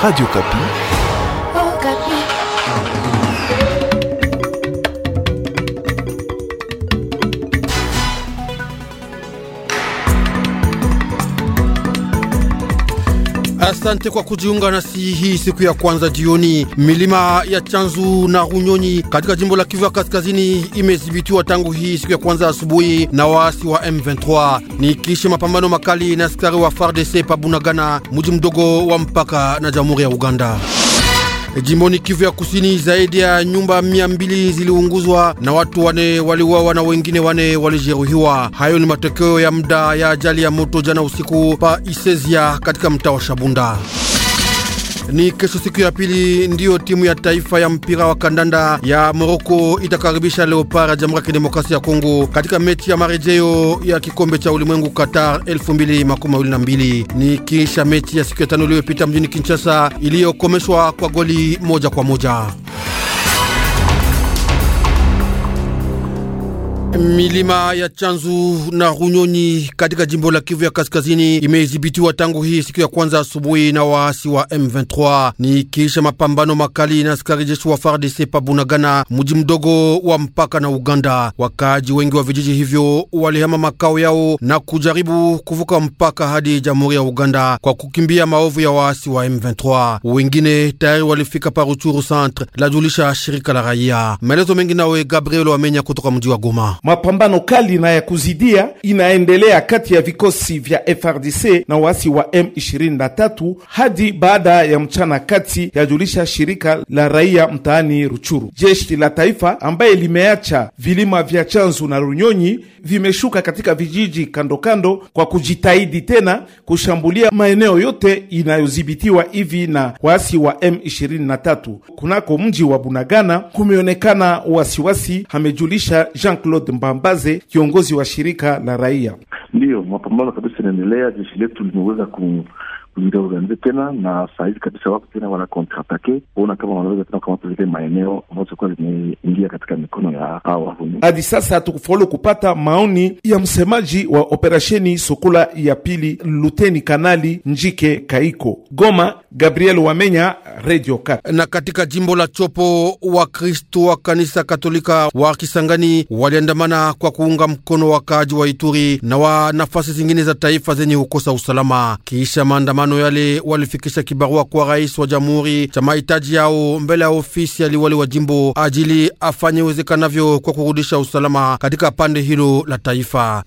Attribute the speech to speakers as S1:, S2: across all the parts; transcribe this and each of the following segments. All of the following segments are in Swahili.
S1: Radio
S2: Asante kwa kujiunga nasi hii siku ya kwanza jioni. Milima ya Chanzu na Runyonyi katika jimbo la Kivu ya Kaskazini imedhibitiwa tangu hii siku ya kwanza asubuhi na waasi wa M23 ni kisha mapambano makali na askari wa FARDC pabunagana, mji mdogo wa mpaka na Jamhuri ya Uganda. Jimboni Kivu ya Kusini, zaidi ya nyumba mia mbili ziliunguzwa na watu wane waliuawa na wengine wane walijeruhiwa. Hayo ni matokeo ya muda ya ajali ya moto jana usiku pa Isezia katika mtaa wa Shabunda. Ni kesho siku ya pili ndiyo timu ya taifa ya mpira wa kandanda ya Moroko itakaribisha Leopard ya Jamhuri ya Kidemokrasia ya Kongo katika mechi ya marejeo ya kikombe cha ulimwengu Qatar 2022. Ni kisha mechi ya siku ya tano iliyopita mjini Kinshasa iliyokomeshwa kwa goli moja kwa moja. Milima ya Chanzu na Runyonyi katika jimbo la Kivu ya Kaskazini imeidhibitiwa tangu hii siku ya kwanza asubuhi na waasi wa M23 ni kiisha mapambano makali na askari jeshi wa FARDC Pabunagana, mji mdogo wa mpaka na Uganda. Wakaaji wengi wa vijiji hivyo walihama makao yao na kujaribu kuvuka mpaka hadi jamhuri ya Uganda kwa kukimbia maovu ya waasi wa M23. Wengine tayari walifika Paruchuru centre, lajulisha shirika la
S1: raia. Maelezo mengi nawe Gabriel Wamenya
S2: kutoka mji wa Goma.
S1: Mapambano kali na ya kuzidia inaendelea kati ya vikosi vya FRDC na waasi wa M23 hadi baada ya mchana kati, yajulisha shirika la raia mtaani Ruchuru. Jeshi la taifa ambaye limeacha vilima vya Chanzu na Runyonyi vimeshuka katika vijiji kando kando kwa kujitahidi tena kushambulia maeneo yote inayodhibitiwa hivi na waasi wa M23. Kunako mji wa Bunagana kumeonekana wasiwasi, amejulisha Jean Claude Mbambaze, kiongozi wa shirika la raia. Ndiyo, mapambano kabisa inaendelea. Jeshi letu limeweza kulinda organize tena, na sahizi kabisa wako tena wana kontratake kuona kama wanaweza tena kukamata zile maeneo ambazo zilikuwa zimeingia katika mikono ya hawa wahuni. Hadi sasa hatukufaulu kupata maoni ya msemaji wa operasheni Sokola ya pili, Luteni Kanali Njike Kaiko. Goma, Gabriel Wamenya, Radio Kat. Na katika jimbo la Chopo, Wakristo
S2: wa kanisa Katolika wa Kisangani waliandamana kwa kuunga mkono wakaaji wa Ituri na wa nafasi zingine za taifa zenye kukosa usalama kiisha maandamano maandamano yale walifikisha kibarua kwa rais wa jamhuri cha mahitaji yao mbele ya ofisi ya liwali wa jimbo ajili afanye uwezekanavyo kwa kurudisha usalama katika pande hilo la taifa.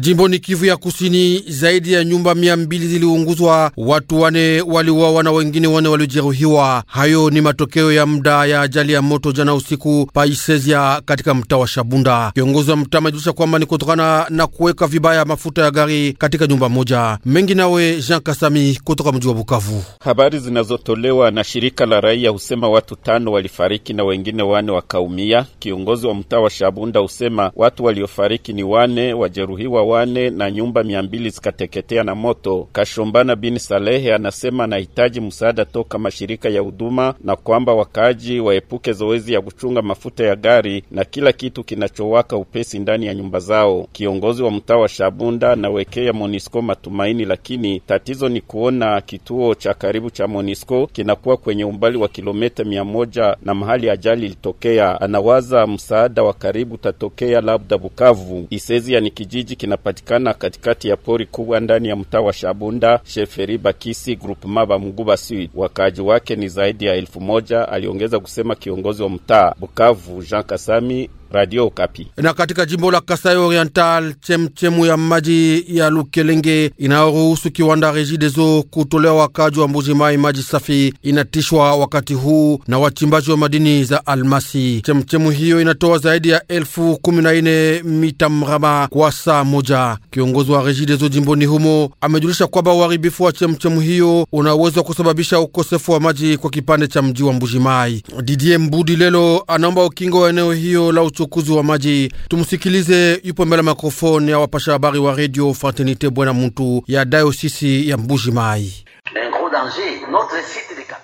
S2: Jimboni Kivu ya Kusini, zaidi ya nyumba mia mbili ziliunguzwa, watu wane waliuawa na wengine wane walijeruhiwa. Hayo ni matokeo ya muda ya ajali ya moto jana usiku paisezia katika mtaa wa Shabunda. Kiongozi wa mtaa amejulisha kwamba ni kutokana na kuweka vibaya mafuta ya gari katika nyumba moja. Mengi nawe Jean Kasami kutoka mji wa Bukavu.
S1: Habari zinazotolewa na shirika la raia husema watu tano walifariki na wengine wane wakaumia. Kiongozi wa mtaa wa Shabunda husema watu waliofariki ni wane, wajeruhiwa wane na nyumba mia mbili zikateketea na moto. Kashombana bin Salehe anasema anahitaji msaada toka mashirika ya huduma na kwamba wakaaji waepuke zoezi ya kuchunga mafuta ya gari na kila kitu kinachowaka upesi ndani ya nyumba zao. Kiongozi wa mtaa wa Shabunda anawekea Monisco matumaini, lakini tatizo ni kuona kituo cha karibu cha Monisco kinakuwa kwenye umbali wa kilometa mia moja na mahali ajali ilitokea. Anawaza msaada wa karibu tatokea labda Bukavu. Isezia ni kijiji kina yanapatikana katikati ya pori kubwa ndani ya mtaa wa Shabunda, Sheferi Bakisi, Maba Bamuguba Sud. Wakaaji wake ni zaidi ya elfu moja, aliongeza kusema kiongozi wa mtaa Bukavu Jean Kasami. Radio Kapi.
S2: Na katika jimbo la Kasai Oriental, chemchemu ya maji ya Lukelenge inayoruhusu kiwanda Regideso kutolewa wakaji wa Mbuji Mai maji safi inatishwa wakati huu na wachimbaji wa madini za almasi. Chemchemu hiyo inatoa zaidi ya elfu kumi na nne mita mraba kwa saa moja. Kiongozi wa Regideso jimboni humo amejulisha kwamba uharibifu wa chemchemu hiyo unaweza kusababisha ukosefu wa maji kwa kipande cha mji wa Mbuji Mai. Didie Mbudi Lelo anaomba ukingo wa eneo hiyo la uchu uchukuzi wa maji. Tumsikilize, yupo mbele ya ya wapasha habari wa redio Fraternite Bwana Muntu ya dayosisi ya Mbuji Mai.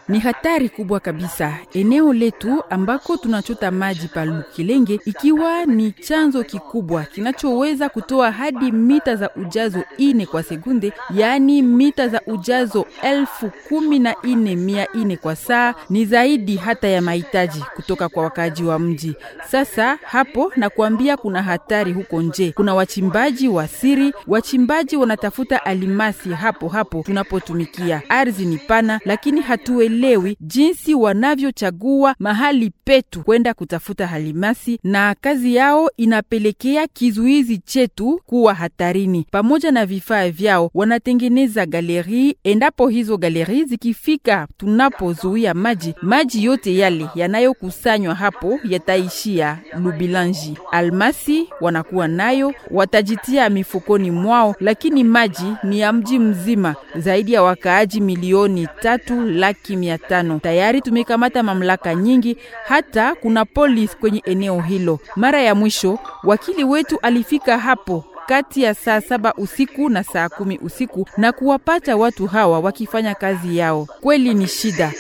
S3: Ni hatari kubwa kabisa eneo letu ambako tunachota maji pa Lukilenge, ikiwa ni chanzo kikubwa kinachoweza kutoa hadi mita za ujazo ine kwa sekunde, yaani mita za ujazo elfu kumi na ine mia ine kwa saa, ni zaidi hata ya mahitaji kutoka kwa wakaaji wa mji. Sasa hapo nakuambia, kuna hatari huko nje, kuna wachimbaji wa siri, wachimbaji wanatafuta alimasi hapo hapo tunapotumikia ardhi ni pana, lakini hatuelewi jinsi wanavyochagua mahali petu kwenda kutafuta halimasi, na kazi yao inapelekea kizuizi chetu kuwa hatarini. Pamoja na vifaa vyao, wanatengeneza galeri. Endapo hizo galeri zikifika tunapozuia maji, maji yote yale yanayokusanywa hapo yataishia Lubilanji. Almasi wanakuwa nayo, watajitia mifukoni mwao, lakini maji ni ya mji mzima, zaidi ya wakaaji milioni milioni tatu laki mia tano. Tayari tumekamata mamlaka nyingi, hata kuna polisi kwenye eneo hilo. Mara ya mwisho wakili wetu alifika hapo kati ya saa saba usiku na saa kumi usiku na kuwapata watu hawa wakifanya kazi yao. Kweli ni shida.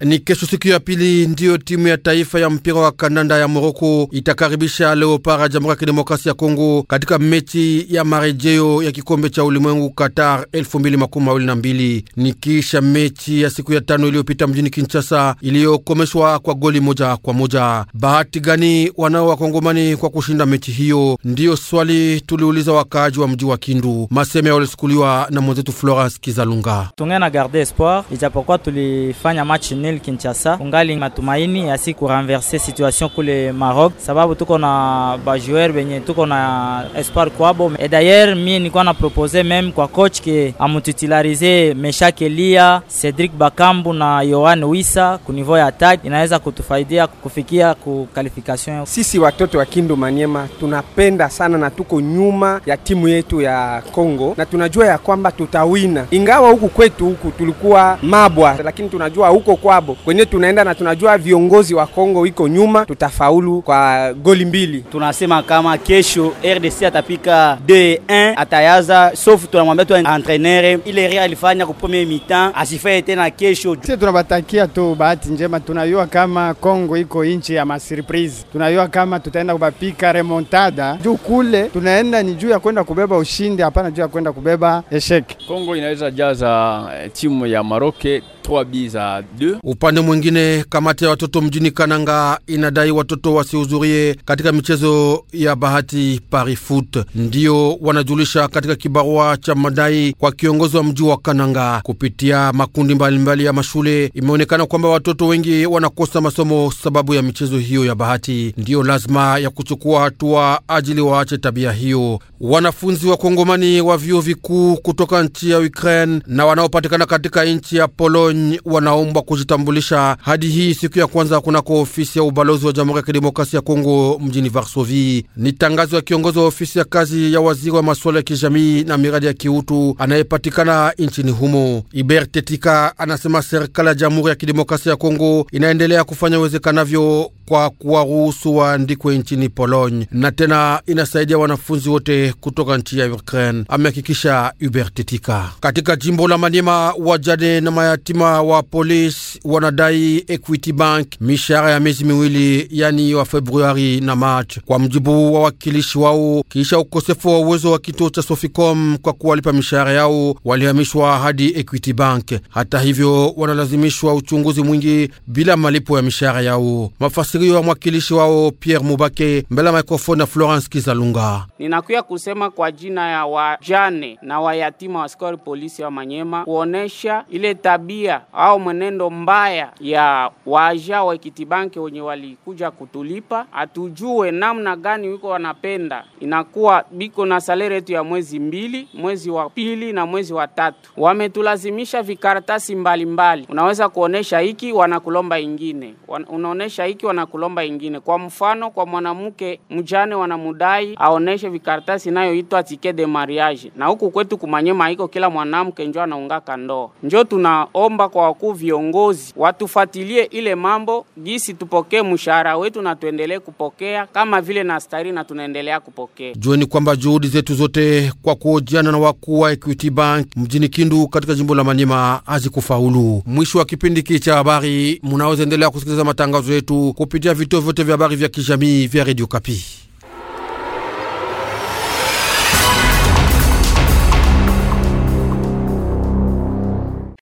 S2: Ni kesho siku ya pili ndiyo timu ya taifa ya mpira wa kandanda ya Moroko itakaribisha leopar ya Jamhuri ya Kidemokrasia ya Kongo katika mechi ya marejeo ya kikombe cha ulimwengu Qatar 2022 ni kisha mechi ya siku ya tano iliyopita mjini Kinshasa iliyokomeshwa kwa goli moja kwa moja. Bahati gani wanao wakongomani kwa kushinda mechi hiyo? Ndiyo swali tuliuliza wakaaji wa mji wa Kindu. Maseme yalichukuliwa na mwenzetu Florence Kizalunga.
S4: Tungena garde espoir ijapokuwa tulifanya machi MONUL Kinshasa, ungali matumaini ya si kuranverse situation kule Maroc, sababu tuko na bajuer benye tuko na espoir kwabo. Et d'ailleurs mie nilikuwa na propose meme kwa coach ke amututilarize Meshak Elia, Cedric Bakambu na Yohan Wisa ku niveau ya attack, inaweza kutufaidia kufikia ku qualification. Sisi watoto wa Kindu Maniema tunapenda sana na tuko nyuma ya timu yetu ya congo na tunajua ya kwamba tutawina, ingawa huku kwetu huku tulikuwa mabwa, lakini tunajua huko kwa kwabo kwenye tunaenda na tunajua viongozi wa Kongo iko nyuma, tutafaulu kwa goli mbili. Tunasema kama kesho RDC atapika 2-1 atayaza, sofu tunamwambia tu entraîneur ile ria alifanya kwa premier mi-temps asifaye tena kesho. Sisi tunabatakia tu bahati njema, tunayua kama Kongo iko inchi ya masurprise, tunayua kama tutaenda kubapika remontada juu kule tunaenda ni juu ya kwenda kubeba ushindi, hapana juu ya kwenda kubeba esheke.
S1: Kongo inaweza jaza eh, timu ya Maroke
S2: 3 2. Upande mwingine, kamati ya watoto mjini Kananga inadai watoto wasihudhurie katika michezo ya bahati Paris Foot. Ndiyo wanajulisha katika kibarua cha madai kwa kiongozi wa mji wa Kananga. Kupitia makundi mbalimbali mbali ya mashule, imeonekana kwamba watoto wengi wanakosa masomo sababu ya michezo hiyo ya bahati. Ndiyo lazima ya kuchukua hatua ajili waache tabia hiyo. Wanafunzi wa Kongomani wa vyuo vikuu kutoka nchi ya Ukraine na wanaopatikana katika nchi ya Polonia Pologne wanaombwa kujitambulisha hadi hii siku ya kwanza kunako ofisi ya ubalozi wa Jamhuri ya Kidemokrasia ya Kongo mjini Varsovi. Ni tangazo ya kiongozi wa ofisi ya kazi ya waziri wa masuala ya kijamii na miradi ya kiutu anayepatikana nchini humo. Iber Tetika anasema serikali ya Jamhuri ya Kidemokrasia ya Kongo inaendelea kufanya uwezekanavyo kwa kuwaruhusu waandikwe nchini Pologne na tena inasaidia wanafunzi wote kutoka nchi ya Ukraine, amehakikisha Hubert Tetika. Katika jimbo la Manyema, wajane na mayatima Wanachama wa polisi wanadai Equity Bank mishahara ya miezi miwili, yani wa Februari na Machi, kwa mjibu wa wakilishi wao. Kisha ukosefu wa uwezo wa kituo cha Soficom kwa kuwalipa mishahara yao, walihamishwa hadi Equity Bank. Hata hivyo, wanalazimishwa uchunguzi mwingi bila malipo ya mishahara yao. Mafasirio ya mwakilishi wao Pierre Mubake mbele ya maikrofoni ya Florence Kizalunga.
S4: Ninakuya kusema kwa jina ya wajane na wayatima wa askari polisi wa Manyema kuonesha ile tabia tabia au mwenendo mbaya ya waja wa Kitibanki wenye walikuja kutulipa, atujue namna gani wiko wanapenda. Inakuwa biko na salere yetu ya mwezi mbili, mwezi wa pili na mwezi wa tatu. Wametulazimisha vikaratasi mbalimbali Unaweza kuonesha hiki wanakulomba ingine, unaonesha hiki wanakulomba ingine. Kwa mfano, kwa mwanamke mjane wanamudai aoneshe vikaratasi inayoitwa tike de mariage, na huku kwetu kumanyema iko kila mwanamke njo anaungaka ndoa, njo tunaomba tunaomba kwa wakuu viongozi watufuatilie ile mambo gisi, tupokee mshahara wetu na tuendelee kupokea kama vile na stari na tunaendelea kupokea.
S2: Jueni kwamba juhudi zetu zote kwa kuojiana na wakuu wa Equity Bank mjini Kindu katika jimbo la Manyema hazikufaulu. Mwisho wa kipindi hiki cha habari, munaweza endelea kusikiliza matangazo yetu kupitia vituo vyote vya habari vya kijamii vya Radio Kapi.